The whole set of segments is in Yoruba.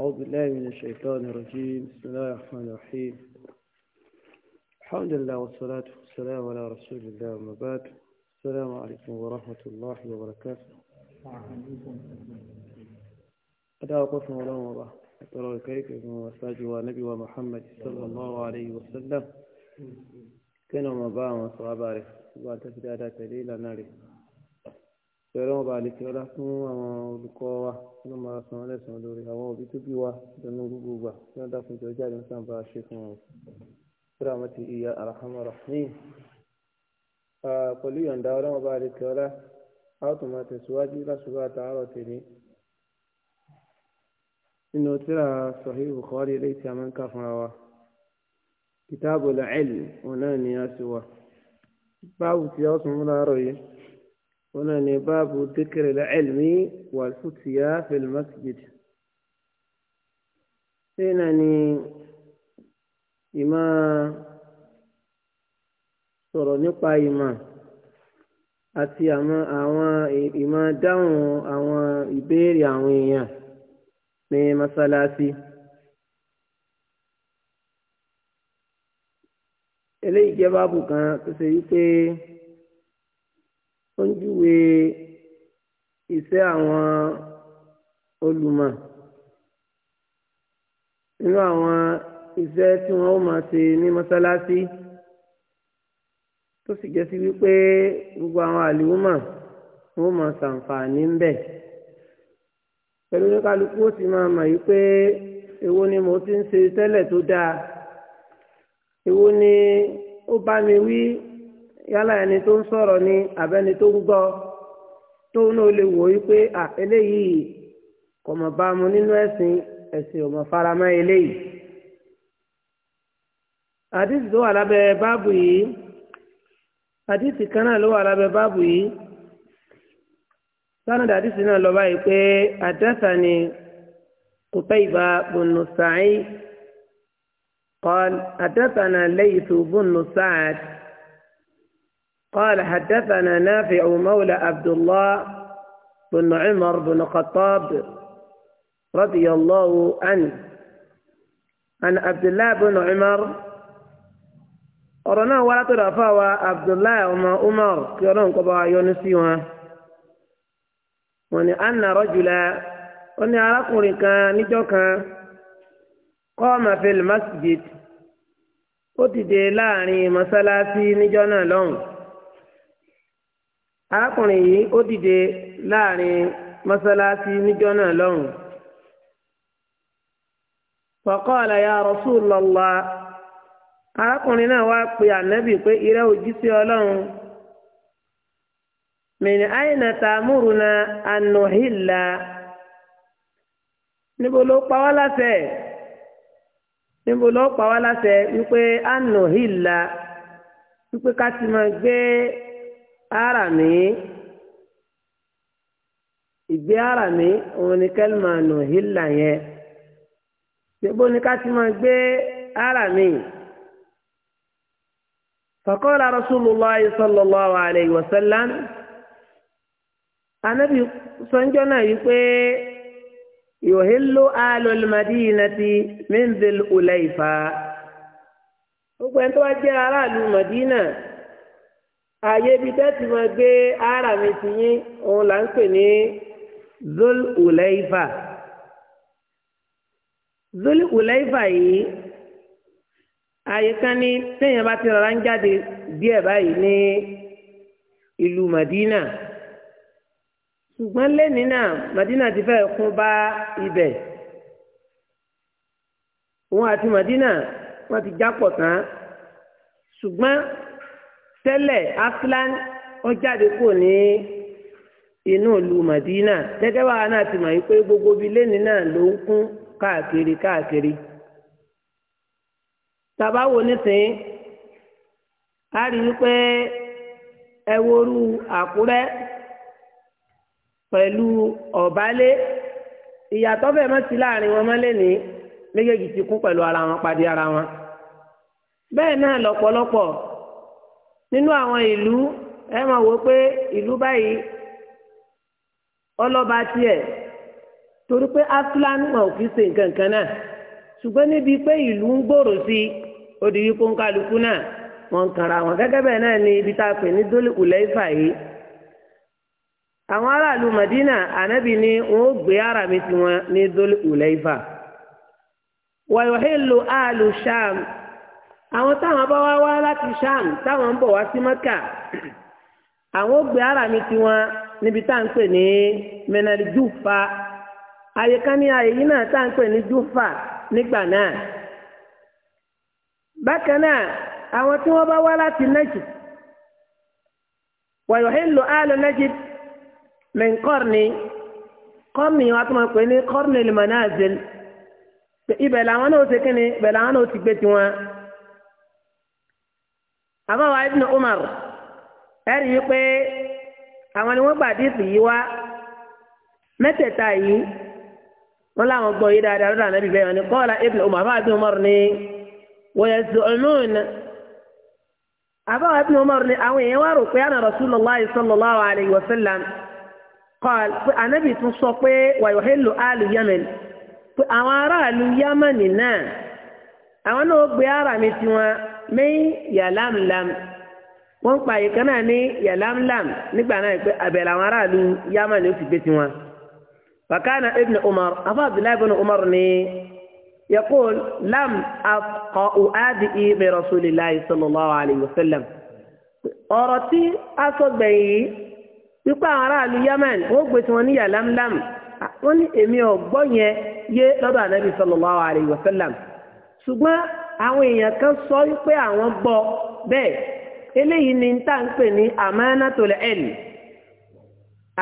أعوذ بالله من الشيطان الرجيم بسم الله الرحمن الرحيم الحمد لله والصلاة والسلام على رسول الله وما بعد السلام عليكم ورحمة الله وبركاته أدعى قسم الله وبعد أترى من مساج ونبي ومحمد صلى الله عليه وسلم كانوا عليه وأنت في تفدادات ليلة ناري sọ̀rọ̀ wọn bá lè fi ọlá fún àwọn olùkọ́ wa kí wọ́n máa san lẹ́sàn lórí àwọn òbí tó bí wa lọ́nà gbogbo gbà kí wọ́n dákun jọ jáde ń sàn bá a ṣe fún wọn. sọ̀rọ̀ àwọn ti ìyá arahamu rahim. pẹ̀lú ìyọ̀ǹda ọlọ́wọ́n bá lè ọlá a ó tún máa tẹ̀síwájú lásùbà àtàárọ̀ tèmi. nínú tíra sahih bukhari eléyìí tí a máa ń kà fúnra wa. kitabul ilm هنا باب ذكر العلم والفتيا في المسجد هنا إما sọ̀rọ̀ nípa ìmọ̀ àti àwọn ìmọ̀ dáhùn àwọn ìbéèrè àwọn èèyàn ní mọ́sálásí. eléyìí jẹ́ báàbù kan tó ṣe wípé ó ń ju júwe iṣẹ́ àwọn olùmọ̀ nínú àwọn iṣẹ́ tí wọ́n ó máa ṣe ní mọ́sálásí tó sì jẹ́ sí wípé gbogbo àwọn àlùmọ̀ wọ́n máa ṣàǹfààní ń bẹ̀ pẹ̀lú ní kálukú ó sì máa mọ̀ yìí èwo ni mo ti ń ṣe tẹ́lẹ̀ tó dáa èwo ni ó bá mi wí yálà ẹni tó ń sọ̀rọ̀ ni àbẹ́ni tó ń gbọ́ tóun náà lè wò ó pé à eléyìí kò mọ̀ bá mu nínú ẹ̀sìn ẹ̀sìn ò mọ̀ faramọ́ eléyìí. àdìsí tó wà lábẹ́ báàbù yìí àdìsí kan náà ló wà lábẹ́ báàbù yìí sanad àdìsí náà lọ báyìí pé àdẹ́sà ni Qutayba bin Sa'id qala àdẹ́sà náà Layth bin Sa'd. قال حدثنا نافع مولى عبد الله بن عمر بن خطاب رضي الله عنه عن عبد الله بن عمر أرنا ولا ترفع عبد الله وما عمر كيرون قبا يونسيها وني أن رجلا وني أراكم كان نجوك قام في المسجد ó dìde láàrin mọ́sálásí níjọ́ arákùnrin yìí ó dìde láàrin mọ́sálásí níjọ́ náà lọ́hùn. faqala ya Rasulullah arákùnrin náà wá pe ànábì pé irẹ́ òjíṣẹ́ ọlọ́run min aina ta'muruna an nuhilla níbo ló pa wá láṣẹ níbo ló pa wá láṣẹ wípé an nuhilla wípé ká ti máa gbé. ara ní ìgbé ara ní òun ni kẹ́lìmà nù hílà yẹn ṣèbó ni ká ti máa gbé ara ní. فقال رسول الله صلى الله عليه وسلم anabi sọ́njọ́ náà yìí pé yòhílù alul madinati min dhil ulayfa gbogbo ẹni tó wá jẹ́ aráàlú madina ààyè ibi tẹ́tì máa gbé ara mi ti yín òun là ń pè ní zul ulaifa zul ulaifa yìí ààyè kan ní téèyàn bá ti rọra ń jáde díẹ̀ báyìí ní ìlú Madina ṣùgbọ́n lẹ́ni náà Madina ti fẹ́ kún bá ibẹ̀ òun àti Madina wọ́n ti jápọ̀ tán ṣùgbọ́n. tẹ́lẹ̀ aflan ó jáde kò ní inú ìlú Madina gẹ́gẹ́ báwa náà ti mọ̀ wípé gbogbo bíi lẹ́ni náà ló ń kún káàkiri káàkiri. tàbá wo nísìnyí a rí i pé ẹ worú Àkúrẹ́ pẹ̀lú Ọ̀bálé ìyàtọ̀ bẹ́ẹ̀ mọ́ sí láàrin wọn mọ́lẹ̀ ní méjèèjì ti kún pẹ̀lú ara wọn pàdé ara wọn. bẹ́ẹ̀ náà lọ́pọ̀lọpọ̀ nínú àwọn ìlú ẹ máa wò pé ìlú báyìí ọlọ́ba tiẹ̀ torí pé afúlánù wọn ò fi ṣe nǹkan kan náà ṣùgbọ́n níbi pé ìlú ń gbòòrò sí di náà ń kara ni ibi tá a pè ní dólè ifá yìí àwọn aráàlú Madina anabi ni wọn ó gbé ara mi tiwọn ní dólè ifá lu aàlù àwọn táwọn bá wá wá láti sham táwọn ń bọ̀ wá sí mẹ́kà àwọn ó gbé ara mi tiwọn níbi tá à ń pè ní mẹnali júfà àyè kan ní àyè yìí náà tá à ń pè ní júfà nígbà náà bákan náà àwọn tí wọ́n bá wá láti Najd wàyọ̀hìnlò àlọ́ Najd min qarni qarni wọn tó máa pè ní qarni al manazil ibẹ̀ làwọn náà ó ti kíni ibẹ̀ làwọn náà ó ti gbé tiwọn bàbá wa ibn umar ẹ̀rí wípé àwọn ni wọ́n gbà díìsì yìí wá mẹ́tẹ̀ẹ̀ta yìí wọ́n láwọn gbọ́ yìí dáadáa lọ́dọ̀ ànábì bẹ́ẹ̀ wọn ni qala ibn umar bàbá ibn umar ni wa yaz'umun bàbá wa ibn umar ni àwọn èèyàn wá rò pé àná rasulullahi sallallahu alayhi wa sallam qala pé ànábì tún sọ pé wa yuhillu alu yemen pé àwọn aráàlú yamani náà àwọn náà gbé ara mi tiwọn ní yàlámlám wọ́n pa ìkan náà ní yàlámlám nígbà náà pé abẹ làwọn aráàlú yamani ó ti gbé tiwọn. fakana ibn umar afa abdullahi ibn umar ni yakul lam afqa uadi mi rasulillahi sallallahu alayhi wa sallam. ọ̀rọ̀ tí a sọ gbẹ̀yìn wípé àwọn aráàlú yamani wọ́n gbé tiwọn ní yàlámlám wọ́n ní èmi ò gbọ́ yẹn yé lọ́dọ̀ ànábì sallallahu alayhi wa sallam ṣùgbọ́n àwọn èèyàn kan sọ wípé àwọn gbọ́ bẹ́ẹ̀ eléyìí ni tá à ń pè ní amanatul ilm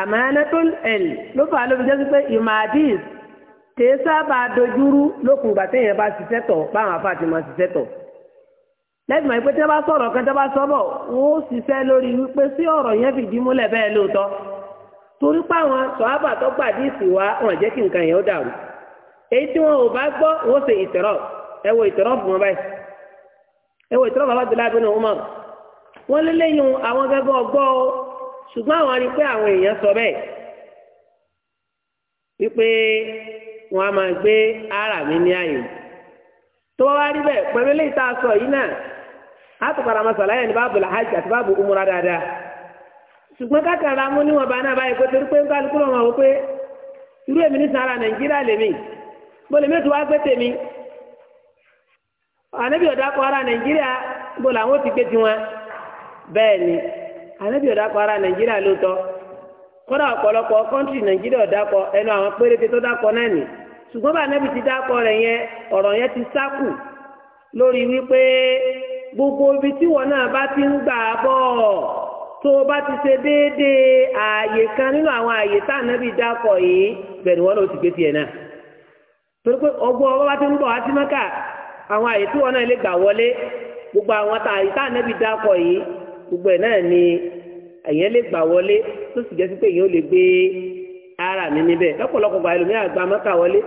amanatul ilm ló fà á ló fi jẹ́ sí pé imadis kìí sábà dojúrú lókun ìgbà téèyàn bá ṣiṣẹ́ tọ̀ báwọn afáàtì máa ṣiṣẹ́ tọ̀ lẹ́yìn máa ń pẹ́ tí wọ́n bá sọ̀rọ̀ kan tí wọ́n bá sọ́bọ̀ wọ́n ó ṣiṣẹ́ lórí wípé sí ọ̀rọ̀ yẹn fìdí múlẹ̀ bẹ́ẹ̀ lóòótọ́ torí páwọn sọ̀hábà tó gbàdí ìsìwá wọn jẹ́ kí nǹkan yẹn ó dàrú èyí tí wọn ò bá gbọ́ wọ́n ṣe ìtẹ̀rọ̀ ẹ wo ìtọ́rọ́bù wọn báyìí ẹ wo ìtọ́rọ́bù Abdullahi bin Umar wọ́n lé lẹ́yìn àwọn gẹ́gẹ́ ọgbọ́ o ṣùgbọ́n àwọn arí pé àwọn èèyàn sọ bẹ́ẹ̀ wípé wọn a máa gbé ara mi ní ààyè tó wá wá rí bẹ́ẹ̀ pẹ̀lú eléyìí tá a sọ yìí náà a tó padà máa sàlàyé ní báàbù làhájì àti báàbù umura dáadáa ṣùgbọ́n kákàrà mú níwọ̀n bá náà báyìí pé torí pé ń kálukú lọ́wọ́ pé irú èmi ní sàrà Nàìjíríà lèmi ànábì ọ̀dà kọ́ ara nàìjíríà bó làwọn ti gbé tiwọn bẹ́ẹ̀ ni ànábì ọ̀dà kọ́ ara nàìjíríà ló tọ́ kọ́dà ọ̀pọ̀lọpọ̀ kọ́ńtì nàìjíríà ọ̀dà ẹnu àwọn péréte tó dákọ náà nì ṣùgbọ́n bá ànábì ti dákọ rẹ̀ yẹn ọ̀rọ̀ yẹn ti sákù lórí wípé gbogbo ibi tí wọn náà bá ti ń gbà bọ̀ tó o bá ti ṣe déédéé ààyè kan nínú àwọn ààyè tá ànábì yìí bẹ̀rù wọn ló ti gbé tiẹ̀ ti ń àwọn àyè tí wọn náà lè gbà wọlé gbogbo àwọn tá àyè tá ànábì dákọ yìí gbogbo ẹ̀ náà ni èèyàn lè gbà wọlé tó sì jẹ́ sí pé èèyàn ò lè gbé ara mi níbẹ̀ lọ́pọ̀lọpọ̀ gba ẹlòmíràn gba mọ́kà wọlé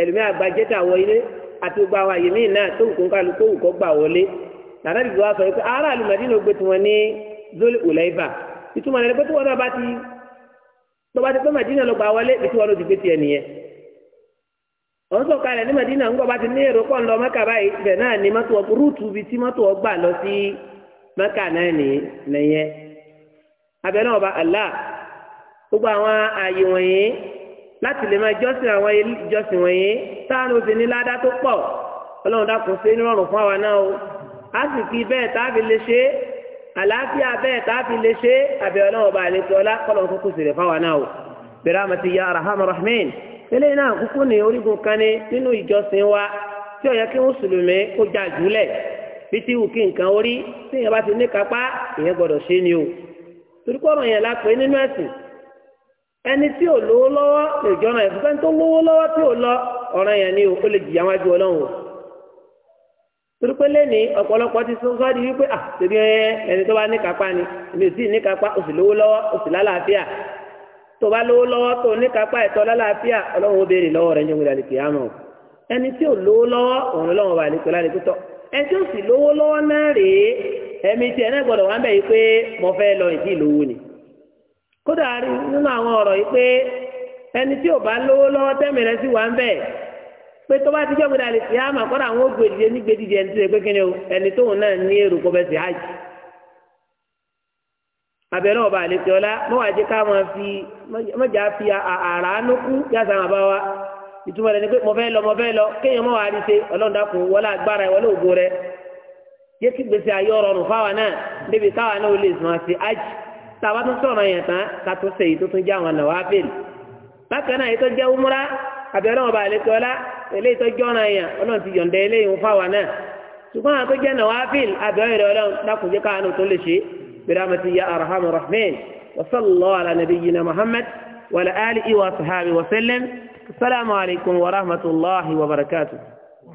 ẹlòmíràn gba jẹ́tà wọlé àti gbogbo àwọn àyè míì náà tó nǹkan kálu kó nǹkan gbà wọlé nàdá dìbò wa sọ pé ara àlùmọ̀dínà gbé tiwọn ní zoli ulaiba ìtumọ̀ nípa tó wọn náà bá ti tó bá ti pé màdínà lọ òun tó kalẹ̀ ní Madina ńgbọ́ bá ti ní èrò pọ̀ ńlọ Mẹ́kà báyìí ibẹ̀ náà ni mọ́tò rúùtù bíi tí mọ́tò ọgbà lọ sí Mẹ́kà náà nìyẹn abẹ náà ọba Allah gbogbo àwọn ààyè wọ̀nyí láti lè máa jọ́sìn àwọn ìjọsìn wọ̀nyí táwọn obìnrin ládá tó pọ̀ ọlọ́run dákun ṣe nírọ̀rùn fún àwa náà o àsìkí bẹ́ẹ̀ tá a fi lè ṣe àlàáfíà bẹ́ẹ̀ tá a fi lè ṣe àbẹ̀ ọlọ́run ọba àlejò ọlá kọ́lọ́run eléyìí náà kúkú ní orígun kan ní nínú ìjọsìn wa tí ó yẹ kí mùsùlùmí kó já jùlẹ̀ bí ti wù kí nǹkan orí tí èèyàn bá ti ní kápá èèyàn gbọ́dọ̀ ṣe ni o torí kọ́rọ̀ yẹn la pé nínú ẹ̀sìn ẹni tí ò lówó lọ́wọ́ lè jọ́nà ẹ̀fún fẹ́ni tó lówó lọ́wọ́ tí ò lọ ọ̀ràn yẹn ni o ó lè jìyà wájú ọlọ́run o torí pé lẹ́ni ọ̀pọ̀lọpọ̀ ti sọ́sọ́ di wípé ẹni tó bá ní kápá ni èmi ò sì ní kápá o sì lówó lọ́wọ́ o sì lálàáfíà tó bá lówó lọ́wọ́ tó ní kápá lálàáfíà ọlọ́run ó lọ́wọ́ rẹ̀ níwèé àlèkè àmọ́ ẹni tí ò lówó lọ́wọ́ òun lọ́wọ́ lálẹ́ tó tọ́ ẹni tí ó sì lówó lọ́wọ́ náà lọ ìdí ìlówó ni kódà nínú àwọn ọ̀rọ̀ yìí pé ẹni tí ò bá lówó lọ́wọ́ tẹ́mi sì wá ń bẹ̀ pé tó bá ti àwọn abẹ́rẹ́ ọba àlejò ọlá mọ́wá jẹ́ ká máa fi mọ́jà fi àrà ánúkú yàtọ̀ àwọn àbáwá ìtumọ̀ rẹ̀ ni pé mo fẹ́ lọ mo fẹ́ lọ kéèyàn mọ́wá rí ṣe ọlọ́run dákun wọlé agbára ìwọlé ògo rẹ̀ yé kí gbèsè ayé ọrọ̀rùn fáwa náà débi káwa náà ó lè sùn àti ájì tàbá tó sọ̀rọ̀ yẹn tán ká tó ṣe èyí tó tún jẹ́ àwọn ọ̀nà bákan náà umra abẹ́rẹ́ ọba àlejò ọlá eléyìí tó jẹ́ ọ̀nà yẹn ọlọ́run ti yọ̀ǹda eléyìí fáwa náà ṣùgbọ́n برحمتك يا أرحم الراحمين وصلى الله على نبينا محمد وعلى آله وصحبه وسلم السلام عليكم ورحمة الله وبركاته